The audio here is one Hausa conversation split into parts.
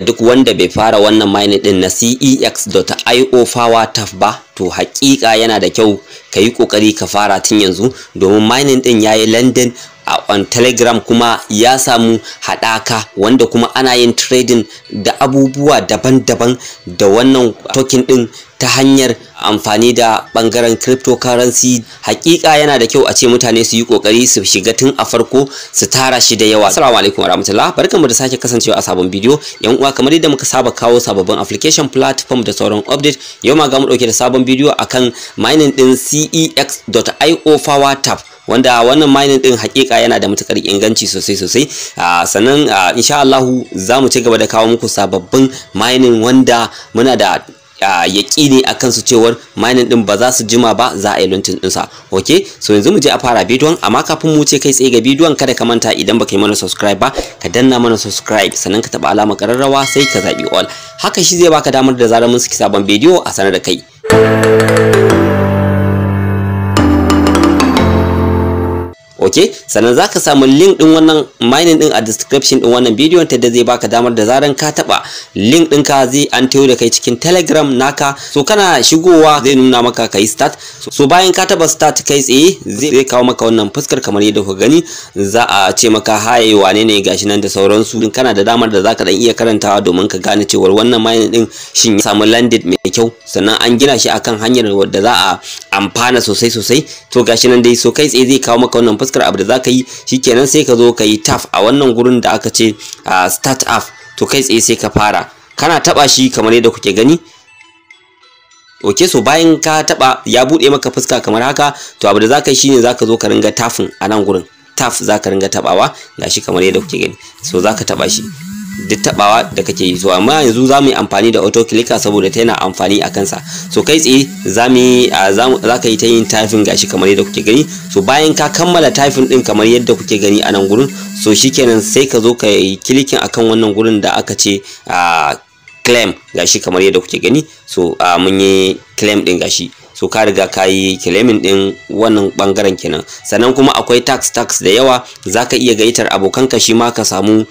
duk wanda bai fara wannan mining din na cex.io fawa taf ba to hakika yana da kyau ka yi kokari ka fara tun yanzu domin mining din yayi london a on telegram kuma ya samu haɗaka wanda kuma ana yin trading da abubuwa daban-daban da wannan token din ta hanyar amfani da bangaren cryptocurrency hakika yana da kyau a ce mutane su yi kokari su shiga tun a farko su tara shi da yawa assalamu alaikum warahmatullahi barkamu da sake kasancewa a sabon bidiyo yan uwa kamar yadda muka saba kawo sababbin application platform da sauran update yau ma ga mu dauke da sabon bidiyo akan mining din cex.io power tap wanda wannan mining din hakika yana da matukar inganci sosai sosai sannan insha Allah za mu ci gaba da kawo muku sababbin mining wanda muna da ne a kansu cewar mining ɗin ba za su jima ba za a yi luntin ɗinsa ok so yanzu mu je a fara bidiyon amma kafin mu ce kai tsaye ga bidiyon kada ka manta idan baka yi mana subscribe ba ka danna mana subscribe sannan ka taɓa alamar ƙararrawa sai ka zaɓi all haka shi zai baka damar da zarar mun saki sabon bidiyo a sanar da kai okay sannan zaka samu link din wannan mining din a description din wannan bidiyon ta da zai baka damar da zaran ka taba link ka zai an tayo da kai cikin telegram naka so kana shigowa zai nuna maka kai start so bayan ka taba start kai tsaye zai kawo maka wannan fuskar kamar yadda kuka gani za a ce maka haye wane ne gashi nan da sauransu din kana da damar da zaka dan iya karantawa domin ka gane cewar wannan mining din shin ya samu landed mai kyau sannan an gina shi akan hanyar da za a amfana sosai sosai to gashi nan dai so kai tsaye zai kawo maka wannan fuskar abu da za ka yi kenan sai ka zo ka yi taf a wannan gurin da aka ce start up to kai tsaye sai ka fara kana taba shi kamar yadda kuke gani ok so bayan ka taba ya bude maka fuska kamar haka to abu da zaka yi shine ka zo ka ringa tafin a nan gurin taf za ka ringa tabawa gashi kamar yadda kuke gani so za ka taba shi duk tabawa da kake yi so amma yanzu za mu yi amfani da auto clicker saboda ta yana amfani a kansa so kai tsaye za mu za ka yi ta yin typing gashi kamar yadda kuke gani so bayan ka kammala typing din kamar yadda kuke gani a nan gurin so shikenan sai ka zo ka yi clicking akan wannan gurin da aka ce claim gashi kamar yadda kuke gani so mun yi claim din gashi so ka riga ka yi claiming din wannan bangaren kenan sannan kuma akwai tax tax da yawa zaka iya gaitar abokanka shi ma ka samu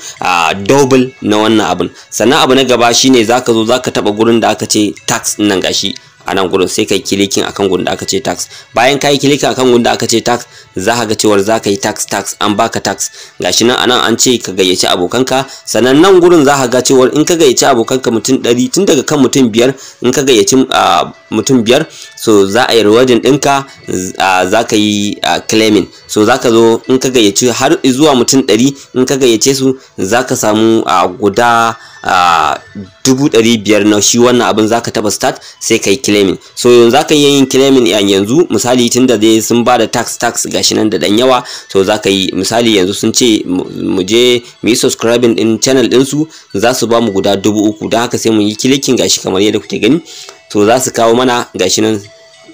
double na wannan abun sannan abu na gaba shine zaka zo zaka taba gurin da aka ce tax nan gashi a nan gurin sai kai kilikin akan gurin da aka ce tax bayan kai kilikin akan gurin da aka ce tax za ka ga cewar za ka yi tax tax an baka tax gashi nan anan an ce ka gayyaci abokanka sannan nan gurin za ka ga cewar in ka gayyaci abokanka mutum 100 tun daga kan mutum biyar in ka gayyaci mutum biyar so za a yi rewarding ɗinka za ka yi claiming so za ka zo in ka gayyaci har zuwa mutum 100 in ka gayyace su za ka samu guda dubu biyar na shi wannan abin zaka taba start sai kai claiming so yanzu zaka yi yin claiming yan yanzu misali tunda dai sun bada da tax tax gashi nan da dan yawa so zaka yi misali yanzu sun ce mu je mu subscribing din channel din su za su ba mu guda dubu uku haka sai mu yi clicking gashi kamar yadda kuke gani to za su kawo mana gashi nan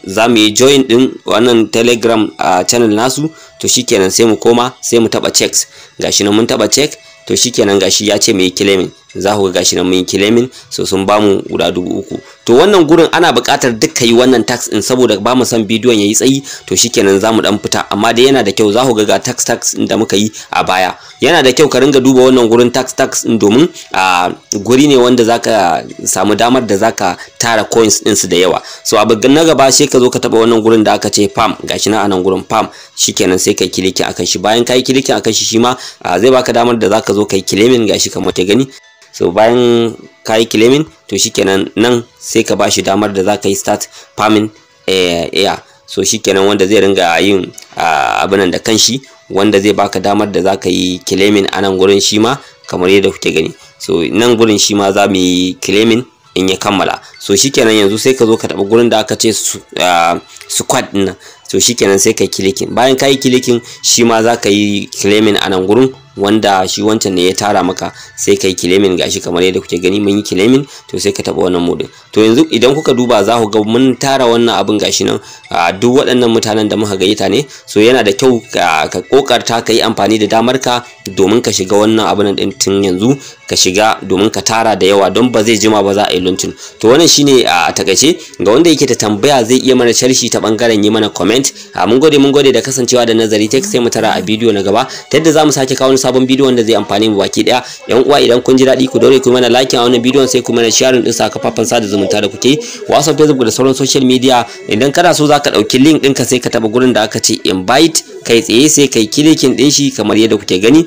za mu yi join din wannan telegram a channel nasu to shikenan sai mu koma sai mu taba checks gashi nan mun taba check to shikenan gashi ya ce mu yi claiming za ku ga gashi nan mun yi claiming so sun bamu guda dubu uku to wannan gurin ana buƙatar duka yi wannan tax din saboda ba mu son bidiyon yayi tsayi to shikenan za mu dan fita amma dai yana da kyau za ku ga ga tax tax din da muka yi a baya yana da kyau ka ringa duba wannan gurin tax tax din domin a guri ne wanda zaka samu damar da zaka tara coins din su da yawa so abu na gaba sai ka zo ka taba wannan gurin da aka ce farm gashi nan anan gurin farm shikenan sai kai kilikin akan shi bayan kai kilikin akan shi shima, ma zai baka damar da zaka zo kai claiming gashi kamar ta gani so bayan ka yi claiming to shikenan nan sai ka bashi damar da za ka yi start farming eh, air so shikenan wanda zai ringa yin ah, abinan da kanshi wanda zai baka damar da za ka yi claiming a nan gurin shi ma kamar yadda kuke gani so nan gurin shi ma za mu yi claiming in ya kammala so shikenan yanzu sai ka zo ka taɓa gurin da aka ce ah, squad ɗin nan so shikenan sai ka yi kilikin bayan ka yi kilikin shi ma za ka yi claiming a nan gurin wanda shi wancan ne ya tara maka sai kai kilemin gashi kamar yadda kuke gani mun yi kilemin to sai ka taba wannan modin to yanzu idan kuka duba za ku ga mun tara wannan abin gashi nan a duk waɗannan mutanen da muka gayyata ne so yana da kyau ka kokarta ka yi amfani da damar ka domin ka shiga wannan abin din tun yanzu ka shiga domin ka tara da yawa don ba zai jima ba za a yi luntun? to wannan shine a takaice ga wanda yake ta tambaya zai iya mana sharhi ta bangaren yi mana comment mun gode mun gode da kasancewa da nazari tech sai mu tara a bidiyo na gaba ta yadda za mu sake kawo sabon bidiyo wanda zai amfane mu baki daya yan uwa idan kun ji daɗi ku daure ku mana like a wannan bidiyon sai ku mana share din kafafan sada zumunta da kuke WhatsApp Facebook da sauran social media idan kana so zaka dauki link din ka sai ka taba gurin da aka ce invite kai tsaye sai kai kilikin din shi kamar yadda kuke gani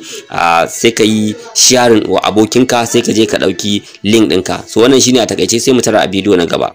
sai ka yi sharing wa abokinka sai ka je ka dauki link ka so wannan shine a takaice sai mu tara a bidiyo na gaba